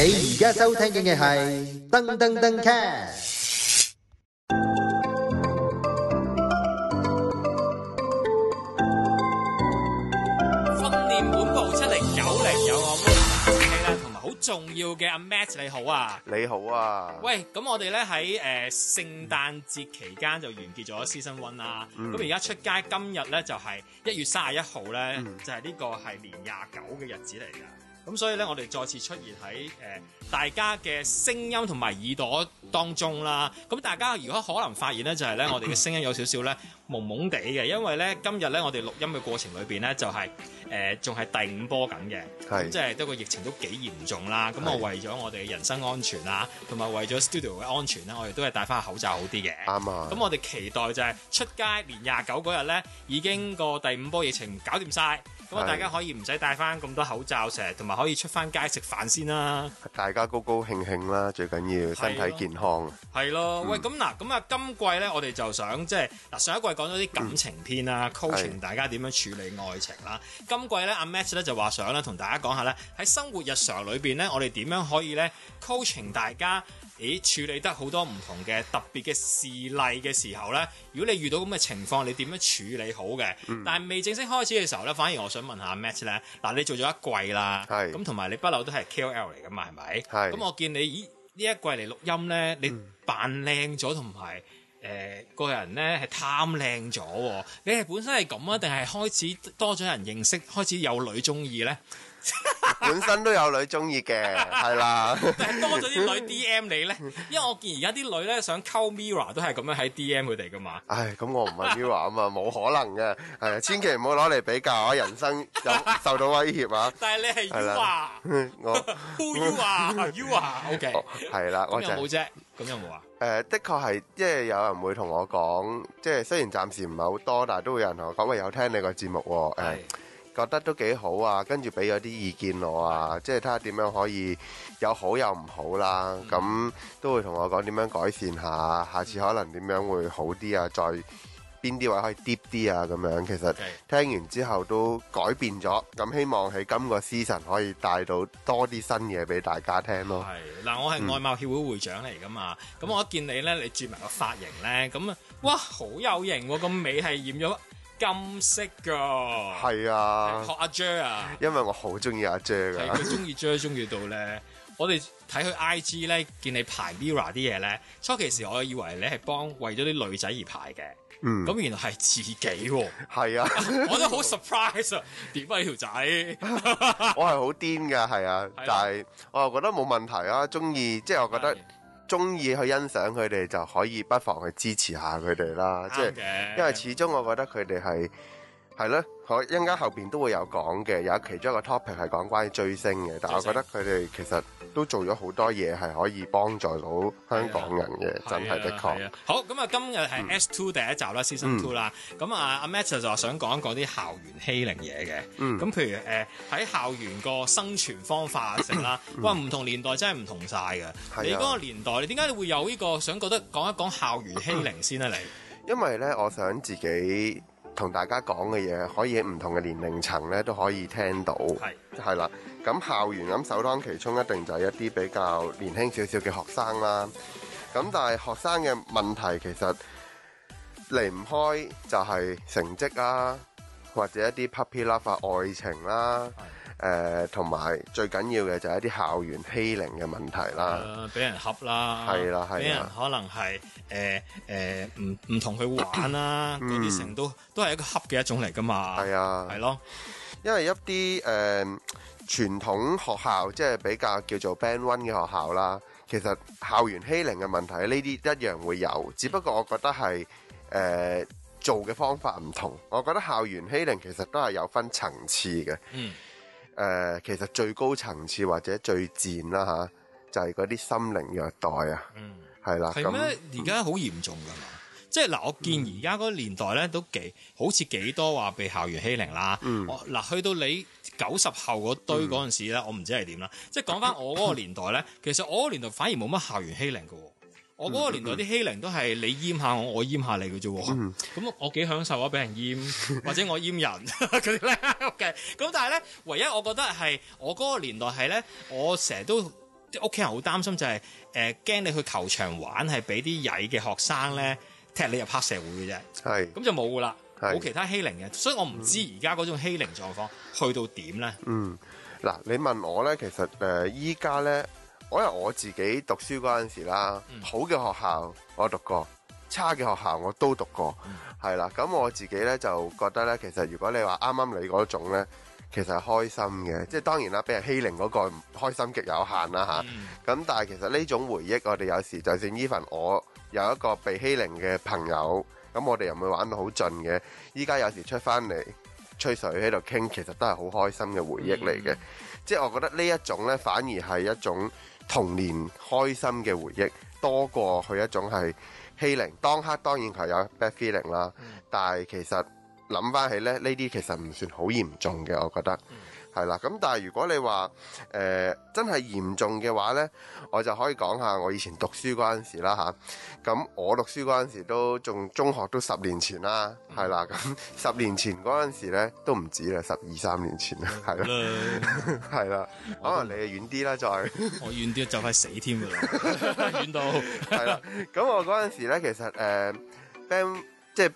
你而家收聽嘅係登登登 cast 訓練本部七零九零有我妹啊，同埋好重要嘅阿 Matt 你好啊，你好啊。喂，咁我哋咧喺誒聖誕節期間就完結咗 Season one 啦。咁而家出街今日咧就係一月三十一號咧，嗯、就係呢個係年廿九嘅日子嚟噶。咁所以咧，我哋再次出現喺、呃、大家嘅聲音同埋耳朵當中啦。咁大家如果可能發現咧，就係、是、咧我哋嘅聲音有少少咧朦朦地嘅，因為咧今日咧我哋錄音嘅過程裏面咧就係仲係第五波緊嘅，咁即係都個疫情都幾嚴重啦。咁我為咗我哋嘅人身安全啦、啊，同埋為咗 studio 嘅安全咧、啊，我哋都係戴翻口罩好啲嘅。啱啊吧！咁我哋期待就係、是、出街年廿九嗰日咧，已經個第五波疫情搞掂晒。咁啊，大家可以唔使戴翻咁多口罩，成日同埋可以出翻街食飯先啦。大家高高興興啦，最緊要身體健康。係咯，嗯、喂，咁嗱，咁啊，今季呢我哋就想即係嗱，上一季講咗啲感情篇啦，coaching 大家點樣處理愛情啦。對今季呢阿 Matt 呢就話想咧同大家講下呢，喺生活日常裏邊呢，我哋點樣可以呢 coaching 大家，咦處理得好多唔同嘅特別嘅事例嘅時候呢？如果你遇到咁嘅情況，你點樣處理好嘅？嗯、但係未正式開始嘅時候呢，反而我想。想問下 Match 咧，嗱你做咗一季啦，咁同埋你不嬲都係 KOL 嚟噶嘛，係咪？咁是我見你呢一季嚟錄音咧，你扮靚咗，同埋誒個人咧係貪靚咗。你係本身係咁啊，定係開始多咗人認識，開始有女中意咧？本身都有女中意嘅，係啦。但多咗啲女 DM 你咧，因為我見而家啲女咧想溝 mirror 都係咁樣喺 DM 佢哋噶嘛。唉，咁我唔係 mirror 啊嘛，冇可能嘅。係啊，千祈唔好攞嚟比較，人生有受到威脅啊。但係你係 U 啊？我 Who you 啊？You 啊？OK，係啦，我有冇啫？咁有冇啊？誒，的確係，即係有人會同我講，即係雖然暫時唔係好多，但係都會有人同我講，喂，有聽你個節目喎。係。覺得都幾好啊，跟住俾咗啲意見我啊，即係睇下點樣可以有好又唔好啦。咁都會同我講點樣改善下，下次可能點樣會好啲啊，再邊啲位可以跌啲啊咁樣。其實聽完之後都改變咗，咁希望喺今個 season 可以帶到多啲新嘢俾大家聽咯。係嗱，我係外貌協會會長嚟㗎嘛，咁我一見你呢，你轉埋個髮型呢，咁啊，哇，好有型喎，個尾係染咗金色噶，係啊，係學阿 J 啊、er，因為我好中意阿 J 啊、er，係佢中意 J 中、er、意到咧， 我哋睇佢 I G 咧，見你排 Mira 啲嘢咧，初期時我以為你係幫為咗啲女仔而排嘅，嗯，咁原來係自己喎，係啊，我都好 surprise 啊，點解 啊，我啊條仔， 我係好癲㗎，係啊，啊但係我又覺得冇問題啊，中意即係我覺得。中意去欣賞佢哋就可以不妨去支持下佢哋啦，即係的因為始終我覺得佢哋係。係咯，我一陣間後邊都會有講嘅，有其中一個 topic 係講關於追星嘅，但係我覺得佢哋其實都做咗好多嘢係可以幫助到香港人嘅，是的真係的，的確。的的好咁啊，那今日係 S Two 第一集啦 Season Two 啦，咁啊，阿 Matt 就話想講嗰啲校園欺凌嘢嘅，咁、嗯、譬如誒喺、呃、校園個生存方法成啦，話唔咳咳同年代真係唔同晒嘅。的你嗰個年代，你點解會有呢個想覺得講一講校園欺凌先咧，啊？你因為咧，我想自己。同大家講嘅嘢，可以喺唔同嘅年齡層咧都可以聽到。係係啦，咁校園咁首當其衝，一定就係一啲比較年輕少少嘅學生啦。咁但係學生嘅問題其實離唔開就係成績啦、啊，或者一啲 puppy love 啊，愛情啦、啊。誒，同埋、呃、最緊要嘅就係一啲校園欺凌嘅問題啦，俾、啊、人恰啦，係啦係俾人可能係誒誒，唔、呃、唔、呃、同佢玩啦、啊，呢啲、 嗯、成都都係一個恰嘅一種嚟噶嘛，係啊，係咯、啊，因為一啲誒、呃、傳統學校即係比較叫做 band one 嘅學校啦，其實校園欺凌嘅問題呢啲一樣會有，只不過我覺得係誒、呃、做嘅方法唔同。我覺得校園欺凌其實都係有分層次嘅，嗯。誒、呃，其實最高層次或者最賤啦、啊、就係嗰啲心靈虐待啊，係、嗯、啦咁。係咩？而家好嚴重㗎嘛，嗯、即係嗱，我見而家嗰年代咧都幾好似幾多話被校園欺凌啦。嗱、嗯、去到你九十後嗰堆嗰陣時咧，嗯、我唔知係點啦。即係講翻我嗰個年代咧， 其實我嗰年代反而冇乜校園欺凌㗎喎。我嗰個年代啲欺凌都係你閹下我，我閹下你嘅啫。咁、嗯、我幾享受啊，俾人閹或者我閹人啲咧，OK，咁但係咧，唯一我覺得係我嗰個年代係咧，我成日都啲屋企人好擔心就係誒驚你去球場玩係俾啲曳嘅學生咧踢你入黑社會嘅啫。係咁是就冇噶啦，冇是其他欺凌嘅。所以我唔知而家嗰種欺凌狀況去到點咧。嗯，嗱，你問我咧，其實誒依家咧。呃我由我自己讀書嗰陣時啦，好嘅學校我讀過，差嘅學校我都讀過，係啦。咁我自己呢，就覺得呢。其實如果你話啱啱你嗰種呢，其實係開心嘅。嗯、即係當然啦，俾人欺凌嗰、那個開心極有限啦吓，咁但係其實呢種回憶，我哋有時就算依 n 我有一個被欺凌嘅朋友，咁我哋又會玩到好盡嘅。依家有時出翻嚟吹水喺度傾，其實都係好開心嘅回憶嚟嘅。嗯、即係我覺得呢一種呢，反而係一種。童年開心嘅回憶多過佢一種係欺凌，當刻當然係有 bad feeling 啦，嗯、但係其實諗翻起咧，呢啲其實唔算好嚴重嘅，我覺得。嗯係啦，咁但係如果你話、呃、的嚴的話誒真係嚴重嘅話咧，我就可以講下我以前讀書嗰陣時啦吓。咁、啊、我讀書嗰陣時候都仲中學都十年前啦，係啦、嗯，咁十年前嗰陣時咧都唔止啦，十二三年前啦，係啦、嗯，係啦的，可能你遠啲啦，再我遠啲就快死添㗎啦，遠 到係啦。咁我嗰陣時咧其實誒 band 即係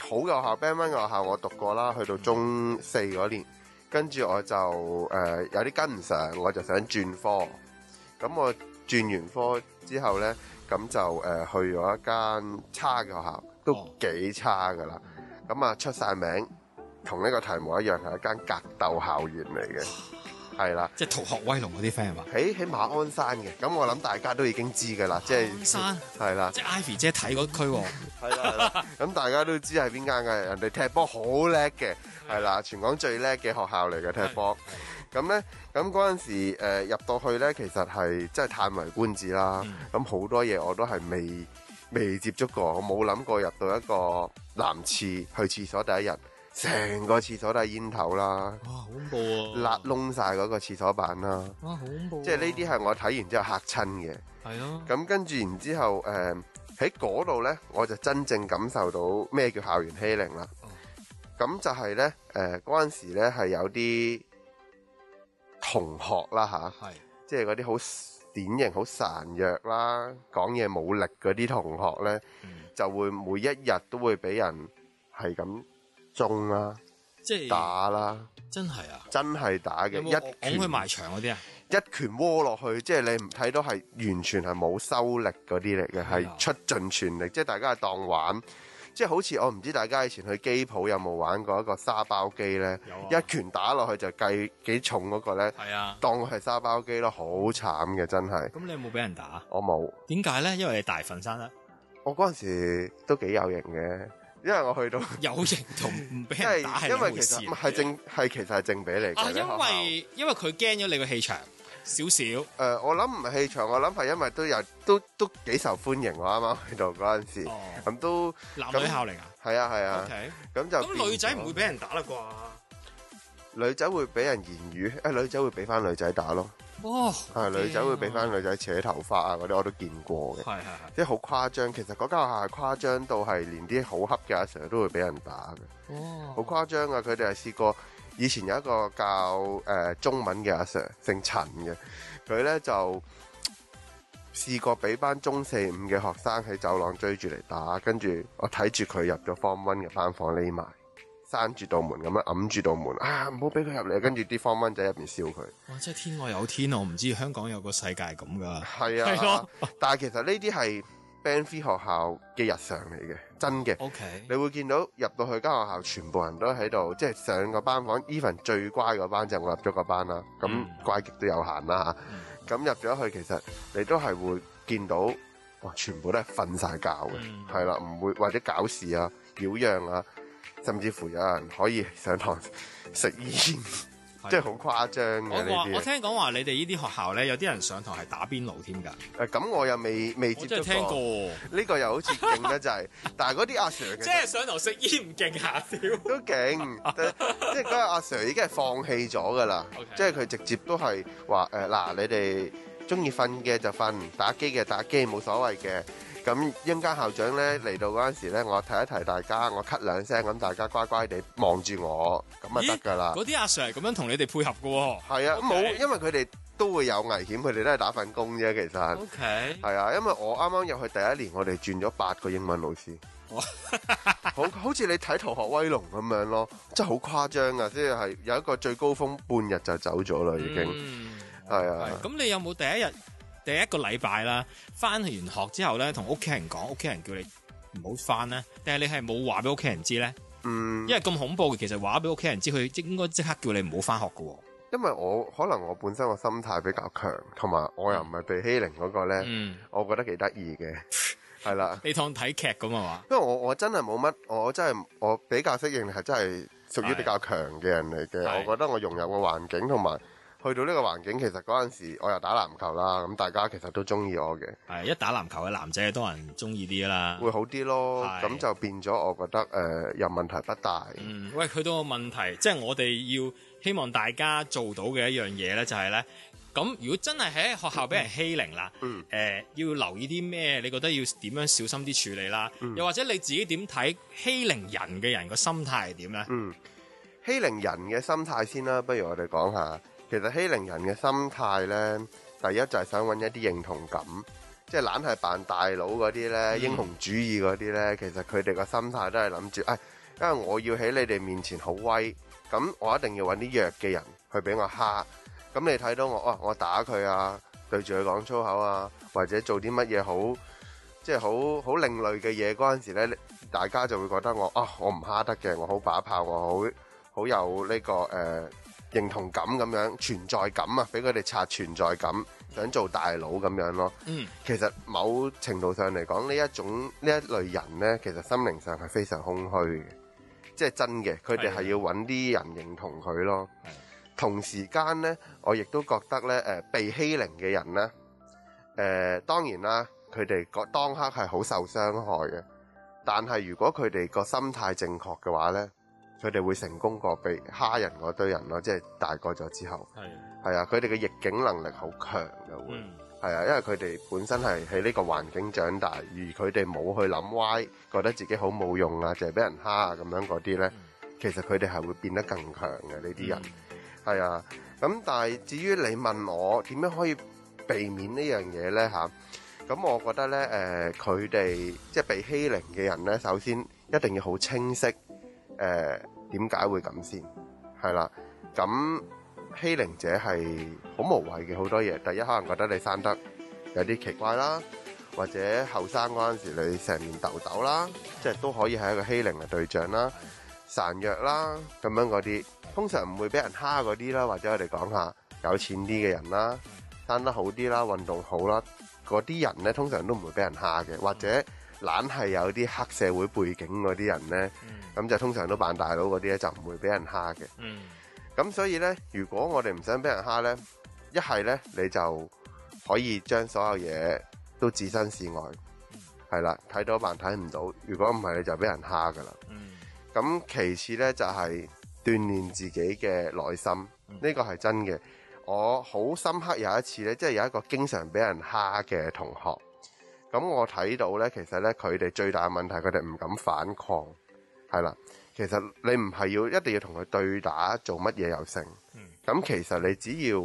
好學校 band one 嘅學校，的學校我讀過啦，去到中四嗰年。嗯跟住我就誒有啲跟唔上，我就想轉科。咁我轉完科之後咧，咁就誒去咗一間差嘅學校，都幾差㗎喇。咁啊出晒名，同呢個題目一樣，係一間格鬥校園嚟嘅。係啦，即係逃學威龍嗰啲 friend 係嘛？喺喺馬鞍山嘅，咁我諗大家都已經知噶啦，即係。馬鞍山係啦，即係 ivy 姐睇嗰區。係 啦，咁 大家都知係邊間嘅，人哋踢波好叻嘅，係的啦，全港最叻嘅學校嚟嘅踢波。咁咧，咁嗰陣時誒、呃、入到去咧，其實係真係嘆為觀止啦。咁好、嗯、多嘢我都係未未接觸過，我冇諗過入到一個男廁去廁所第一日。成個廁所都係煙頭啦！哇，好恐怖啊！辣窿晒嗰個廁所板啦！哇，好恐怖、啊！即係呢啲係我睇完之後嚇親嘅。係咯的。咁跟住然之後，誒喺嗰度咧，我就真正感受到咩叫校園欺凌啦。咁、哦、就係咧，誒嗰陣時咧係有啲同學啦，吓是，係即係嗰啲好典型、好孱弱啦，講嘢冇力嗰啲同學咧，嗯、就會每一日都會俾人係咁。中啦，即係打啦，真係啊，真係是打嘅一，講開埋牆嗰啲啊，一拳窩落去，去，即係你唔睇到係完全係冇收力嗰啲嚟嘅，係、啊、出盡全力，即係大家係當玩，即係好似我唔知大家以前去機鋪有冇玩過一個沙包機咧，啊、一拳打落去就計幾重嗰個咧，係啊，當佢係沙包機咯，好慘嘅真係。咁你有冇俾人打？我冇。點解咧？因為你大份山啦。我嗰陣時都幾有型嘅。因為我去到有型唔俾人打係回事，係正係其實係正比嚟。啊，因為因為佢驚咗你個氣場少少。誒，我諗唔係氣場，我諗係因為都有都都幾受歡迎。我啱啱去到嗰陣時，咁都男女校嚟噶，係啊係啊。咁就咁女仔唔會俾人打啦啩？女仔會俾人言語，誒女仔會俾翻女仔打咯。哇！係、哦、女仔會俾翻女仔扯頭髮啊！嗰啲我都見過嘅，係係係，即係好誇張。其實嗰間學校係誇張到係連啲好恰嘅阿 Sir 都會俾人打嘅，哇、哦！好誇張啊！佢哋係試過以前有一個教誒中文嘅阿 Sir，姓陳嘅，佢咧就試過俾班中四五嘅學生喺走廊追住嚟打，跟住我睇住佢入咗 Form One 嘅班房匿埋。閂住道門咁樣揞住道門，啊，唔好俾佢入嚟，跟住啲 form one 仔入面燒佢。哇！即係天外有天啊！我唔知香港有個世界咁噶。係啊。 但係其實呢啲係 Band 3學校嘅日常嚟嘅，真嘅。O K。你會見到入到去間學校，全部人都喺度，即係上個班房。even 最乖嗰班就我入咗個班、嗯、啦。咁乖極都有限啦嚇。咁入咗去，其實你都係會見到，哇！全部都係瞓晒覺嘅，係啦、嗯，唔、啊、會或者搞事啊、表揚啊。甚至乎有人可以上堂食煙，的即係好誇張嘅呢啲。我說些我聽講話你哋呢啲學校咧，有啲人上堂係打邊爐添㗎。誒咁、啊、我又未未接觸聽過。呢過個又好似勁得滯， 但係嗰啲阿 Sir 即係上堂食煙唔勁下笑。都勁， 即係嗰個阿 Sir 已經係放棄咗㗎啦。 即係佢直接都係話誒嗱，你哋中意瞓嘅就瞓，打機嘅打機，冇所謂嘅。咁英家校長咧嚟到嗰陣時咧，我提一提大家，我咳兩聲，咁大家乖乖地望住我，咁啊得噶啦。嗰啲阿 Sir 係咁樣同你哋配合㗎喎、哦。係啊，冇，Okay. 因為佢哋都會有危險，佢哋都係打份工啫，其實。O K。係啊，因為我啱啱入去第一年，我哋轉咗八個英文老師。哇、oh. 好好似你睇《逃學威龍》咁樣咯，真係好誇張啊！即係係有一個最高峰，半日就走咗啦，已經、嗯。係啊。咁你有冇第一日？第一個禮拜啦，翻完學之後咧，同屋企人講，屋企人叫你唔好翻咧，定係你係冇話俾屋企人知咧？嗯，因為咁恐怖嘅，其實話俾屋企人知，佢即應該即刻叫你唔好翻學嘅、哦。因為我可能我本身個心態比較強，同埋我又唔係被欺凌嗰個咧，嗯、我覺得幾得意嘅，係啦 了，你當睇劇咁啊嘛。因為我我真係冇乜，我真係我，我比較適應，係真係屬於比較強嘅人嚟嘅。是我覺得我融入個環境同埋。還有去到呢個環境，其實嗰陣時我又打籃球啦，咁大家其實都中意我嘅。係，一打籃球嘅男仔，多人中意啲啦，會好啲咯。咁是就變咗，我覺得誒、呃、又問題不大。嗯，喂，去到個問題，即、就、係、是、我哋要希望大家做到嘅一樣嘢咧，就係咧，咁如果真係喺學校俾人欺凌啦、嗯呃，要留意啲咩？你覺得要點樣小心啲處理啦？嗯、又或者你自己點睇欺凌人嘅人個心態係點咧？嗯，欺凌人嘅心態先啦，不如我哋講下。其實欺凌人嘅心態呢，第一就係想揾一啲認同感，即係懶係扮大佬嗰啲呢，英雄主義嗰啲呢。嗯、其實佢哋個心態都係諗住，唉、哎，因為我要喺你哋面前好威，咁我一定要揾啲弱嘅人去俾我蝦，咁你睇到我，哦、我打佢啊，對住佢講粗口啊，或者做啲乜嘢好，即係好好另類嘅嘢，嗰陣時呢，大家就會覺得我，啊、哦，我唔蝦得嘅，我好把炮，我好好有呢、呢個誒。呃認同感咁樣存在感啊，俾佢哋刷存在感，想做大佬咁樣咯。嗯，其實某程度上嚟講，呢一種呢一類人呢，其實心靈上係非常空虛嘅，即係真嘅，佢哋係要搵啲人認同佢咯。的同時間呢，我亦都覺得呢，誒、呃，被欺凌嘅人呢，誒、呃，當然啦，佢哋個當刻係好受傷害嘅，但係如果佢哋個心態正確嘅話呢。佢哋會成功過被蝦人嗰堆人咯，即係大個咗之後，係啊的，佢哋嘅逆境能力好強嘅，會係啊，因為佢哋本身係喺呢個環境長大，而佢哋冇去諗歪，覺得自己好冇用啊，淨係俾人蝦啊咁樣嗰啲咧，嗯、其實佢哋係會變得更強嘅呢啲人，係啊、嗯，咁但係至於你問我點樣可以避免呢樣嘢咧嚇，咁我覺得咧誒，佢哋即係被欺凌嘅人咧，首先一定要好清晰。誒點解會咁先？係啦，咁欺凌者係好無謂嘅好多嘢。第一可能覺得你生得有啲奇怪啦，或者後生嗰陣時你成面痘痘啦，即係都可以係一個欺凌嘅對象啦、孱弱啦咁樣嗰啲，通常唔會俾人蝦嗰啲啦。或者我哋講下有錢啲嘅人啦，生得好啲啦，運動好啦，嗰啲人咧通常都唔會俾人蝦嘅，或者。懶係有啲黑社會背景嗰啲人呢，咁、嗯、就通常都扮大佬嗰啲咧就唔會俾人蝦嘅。咁、嗯、所以呢，如果我哋唔想俾人蝦呢，一係、嗯、呢，你就可以將所有嘢都置身事外，係啦、嗯，睇到扮睇唔到。如果唔係，你就俾人蝦噶啦。咁、嗯、其次呢，就係、是、鍛鍊自己嘅內心，呢個係真嘅。我好深刻有一次呢，即、就、係、是、有一個經常俾人蝦嘅同學。咁我睇到咧，其實咧佢哋最大嘅問題，佢哋唔敢反抗，係啦。其實你唔係要一定要同佢對打做乜嘢又成。咁、嗯、其實你只要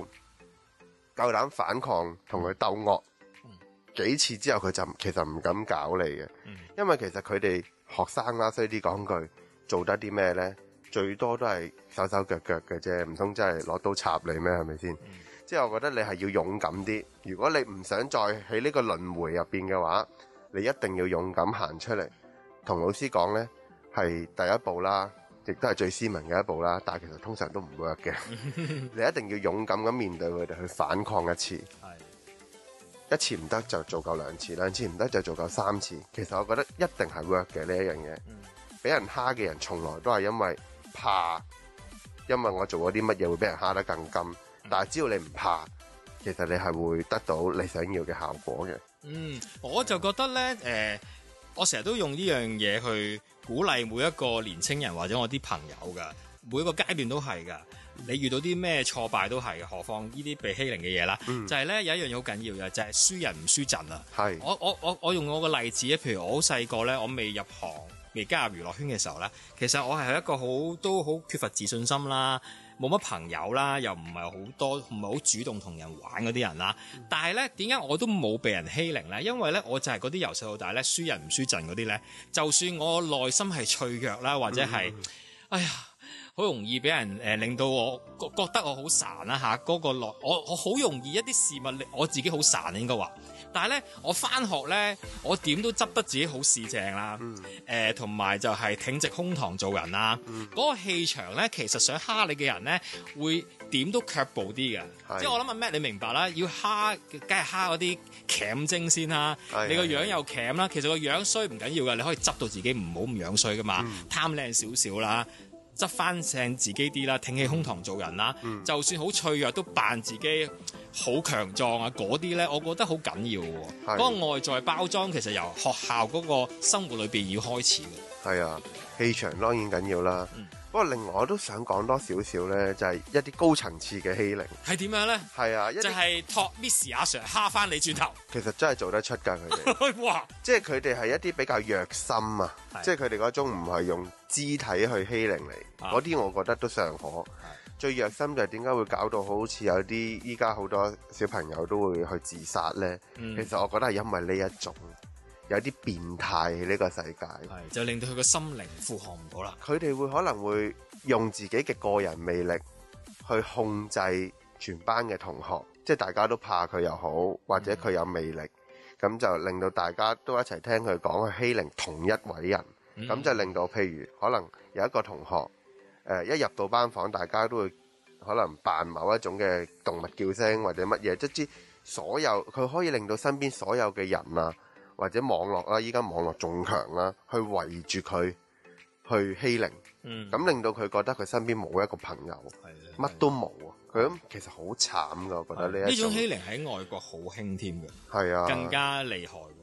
夠膽反抗，同佢鬥惡、嗯、幾次之後他，佢就其實唔敢搞你嘅。嗯、因為其實佢哋學生啦，衰啲講句做得啲咩咧，最多都係手手腳腳嘅啫，唔通真係攞刀插你咩？係咪先？嗯即係我覺得你係要勇敢啲，如果你唔想再喺呢個輪迴入邊嘅話，你一定要勇敢行出嚟。同老師講呢，係第一步啦，亦都係最斯文嘅一步啦。但係其實通常都唔 work 嘅，你一定要勇敢咁面對佢哋去反抗一次。一次唔得就做夠兩次，兩次唔得就做夠三次。其實我覺得這事一定係 work 嘅呢一樣嘢。俾人蝦嘅人從來都係因為怕，因為我做咗啲乜嘢會俾人蝦得更甘。但係只要你唔怕，其實你係會得到你想要嘅效果嘅。嗯，我就覺得呢，誒、呃，我成日都用呢樣嘢去鼓勵每一個年青人或者我啲朋友㗎，每個階段都係㗎。你遇到啲咩挫敗都係，何況呢啲被欺凌嘅嘢啦。嗯、就係呢，有一樣嘢好緊要嘅，就係、是、輸人唔輸陣啊。係是，我我我用我個例子咧，譬如我好細個呢，我未入行、未加入娛樂圈嘅時候呢，其實我係一個好都好缺乏自信心啦。冇乜朋友啦，又唔係好多，唔係好主動同人玩嗰啲人啦。但係呢，點解我都冇被人欺凌呢？因為呢，我就係嗰啲由細到大呢，輸人唔輸陣嗰啲呢，就算我內心係脆弱啦，或者係，哎呀，好容易俾人、呃、令到我，我覺得我好孱啦嚇。嗰、嗰個我我好容易一啲事物，我自己好孱應該話。但係咧，我返學咧，我點都執得自己好四正啦、啊。誒、嗯呃，同埋就係挺直胸膛做人啦、啊。嗰、嗯、個氣場咧，其實想蝦你嘅人咧，會點都卻步啲嘅。是 即係我諗啊 Mat 你明白啦。要蝦，梗係蝦嗰啲孱精先啦、啊。是 你個樣又孱啦，是是是其實個樣衰唔緊要嘅，你可以執到自己唔好唔樣衰噶嘛，嗯、貪靚少少啦。執翻正自己啲啦，挺起胸膛做人啦。嗯、就算好脆弱，都扮自己好強壯啊！嗰啲咧，我覺得好緊要喎。嗰是的 個外在包裝其實由學校嗰個生活裏邊要開始嘅。係啊，氣場當然緊要啦。嗯不過另外我都想講多少少呢，就係一啲高層次嘅欺凌係點樣呢？係啊，一係托 Miss 阿 Sir 蝦翻你轉頭。其實真係做得出㗎，佢哋。 哇！即係佢哋係一啲比較弱心啊，是的 即係佢哋嗰種唔係用肢體去欺凌你，嗰啲的我覺得都尚可。的最弱心就係點解會搞到好似有啲依家好多小朋友都會去自殺呢？嗯，其實我覺得係因為呢一種。有啲變態呢個世界，係就令到佢個心靈負荷唔到啦。佢哋會可能會用自己嘅個人魅力去控制全班嘅同學，即係大家都怕佢又好，或者佢有魅力咁就令到大家都一齊聽佢講去欺凌同一位人，咁就令到譬如可能有一個同學誒一入到班房，大家都會可能扮某一種嘅動物叫聲或者乜嘢，即係所有佢可以令到身邊所有嘅人啊～或者網絡啦，依家網絡仲強啦，去圍住佢去欺凌，咁、嗯、令到佢覺得佢身邊冇一個朋友，乜的都冇啊。佢咁的其實好慘噶，的我覺得呢種，種欺凌喺外國好興添嘅，啊的，更加厲害嘅。的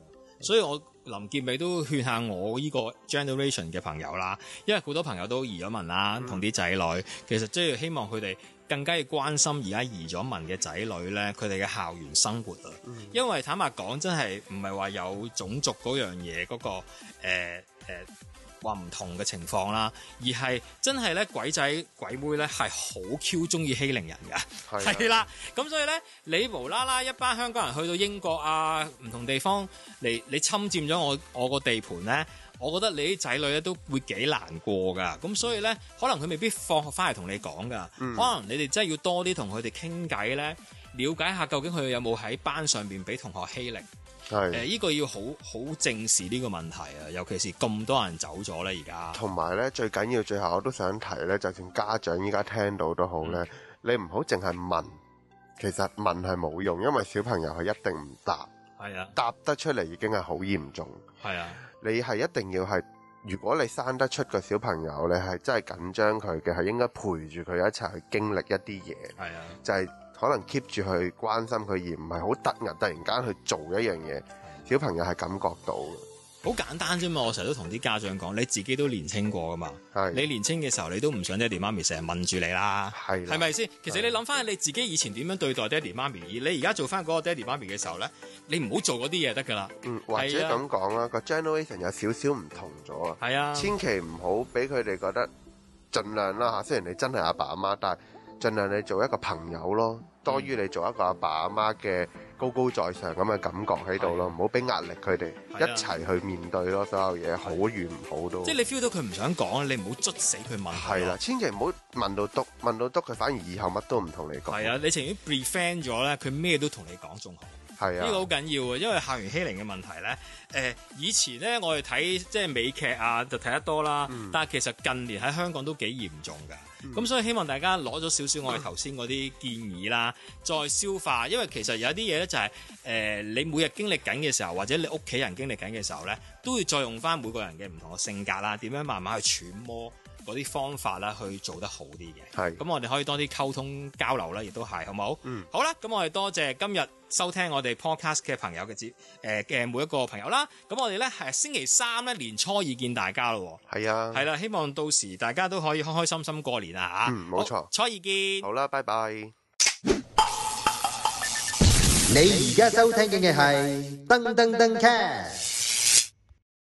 所以我林建美都勸下我呢個 generation 嘅朋友啦，因為好多朋友都移咗民啦，同啲仔女，其實即係希望佢哋。更加要關心而家移咗民嘅仔女咧，佢哋嘅校園生活啊。因為坦白講，真係唔係話有種族嗰樣嘢嗰個誒誒話唔同嘅情況啦，而係真係咧鬼仔鬼妹咧係好 Q 中意欺凌人㗎，係是、啊、啦。咁所以咧，你無啦啦一班香港人去到英國啊，唔同地方嚟，你侵佔咗我我個地盤咧。我覺得你啲仔女咧都會幾難過㗎，咁所以咧可能佢未必放學翻嚟同你講㗎，嗯、可能你哋真係要多啲同佢哋傾偈咧，了解下究竟佢有冇喺班上面俾同學欺凌？係誒是，依、呃呢個要好好正視呢個問題啊，尤其是咁多人走咗咧而家。同埋咧，最緊要最後我都想提咧，就算家長依家聽到都好咧，你唔好淨係問，其實問係冇用，因為小朋友係一定唔答。係啊，答得出嚟已經係好嚴重。係啊。你係一定要係，如果你生得出個小朋友，你係真係緊張佢嘅，係應該陪住佢一齊去經歷一啲嘢，係啊，就係可能 keep 住去關心佢，而唔係好突然突然間去做一樣嘢，是的小朋友係感覺到。好簡單啫嘛！我成日都同啲家長講，你自己都年輕過噶嘛。的你年輕嘅時候，你都唔想爹哋媽咪成日問住你啦。係係咪先？其實你諗翻你自己以前點樣對待爹哋媽咪，你而家做翻嗰個爹哋媽咪嘅時候咧，你唔好做嗰啲嘢得噶啦。嗯，或者咁講啦，個的 generation 有少少唔同咗啊。係啊的，千祈唔好俾佢哋覺得，盡量啦嚇。雖然你真係阿爸阿媽，但係儘量你做一個朋友咯，多於你做一個阿爸阿媽嘅。嗯高高在上咁嘅感覺喺度咯，唔好俾壓力佢哋一齊去面對咯，所有嘢好與唔好都是的 即係你 feel 到佢唔想講，你唔好捽死佢問。係啦，千祈唔好問到篤，問到篤佢反而以後乜都唔同你講的。係啊，你情願 befriend 咗咧，佢咩都同你講仲好。係啊，呢個好緊要啊，因為校園欺凌嘅問題咧，誒、呃、以前咧我哋睇即係美劇啊就睇得多啦，嗯、但係其實近年喺香港都幾嚴重嘅。咁所以希望大家攞咗少少我哋頭先嗰啲建議啦，再消化，因為其實有啲嘢咧就係誒你每日經歷緊嘅時候，或者你屋企人經歷緊嘅時候咧，都要再用翻每個人嘅唔同嘅性格啦，點樣慢慢去揣摩。嗰啲方法啦，去做得好啲嘅是，係咁我哋可以多啲溝通交流啦，亦都係，好唔好？嗯，好啦，咁我哋多謝今日收聽我哋 podcast 嘅朋友嘅節，誒、呃、嘅每一個朋友啦，咁我哋咧係星期三咧年初二見大家咯，係啊，係啦，希望到時大家都可以開開心心過年啊吓，嗯，冇錯，初二見，好啦，拜拜。你而家收聽緊嘅係登登登 cast。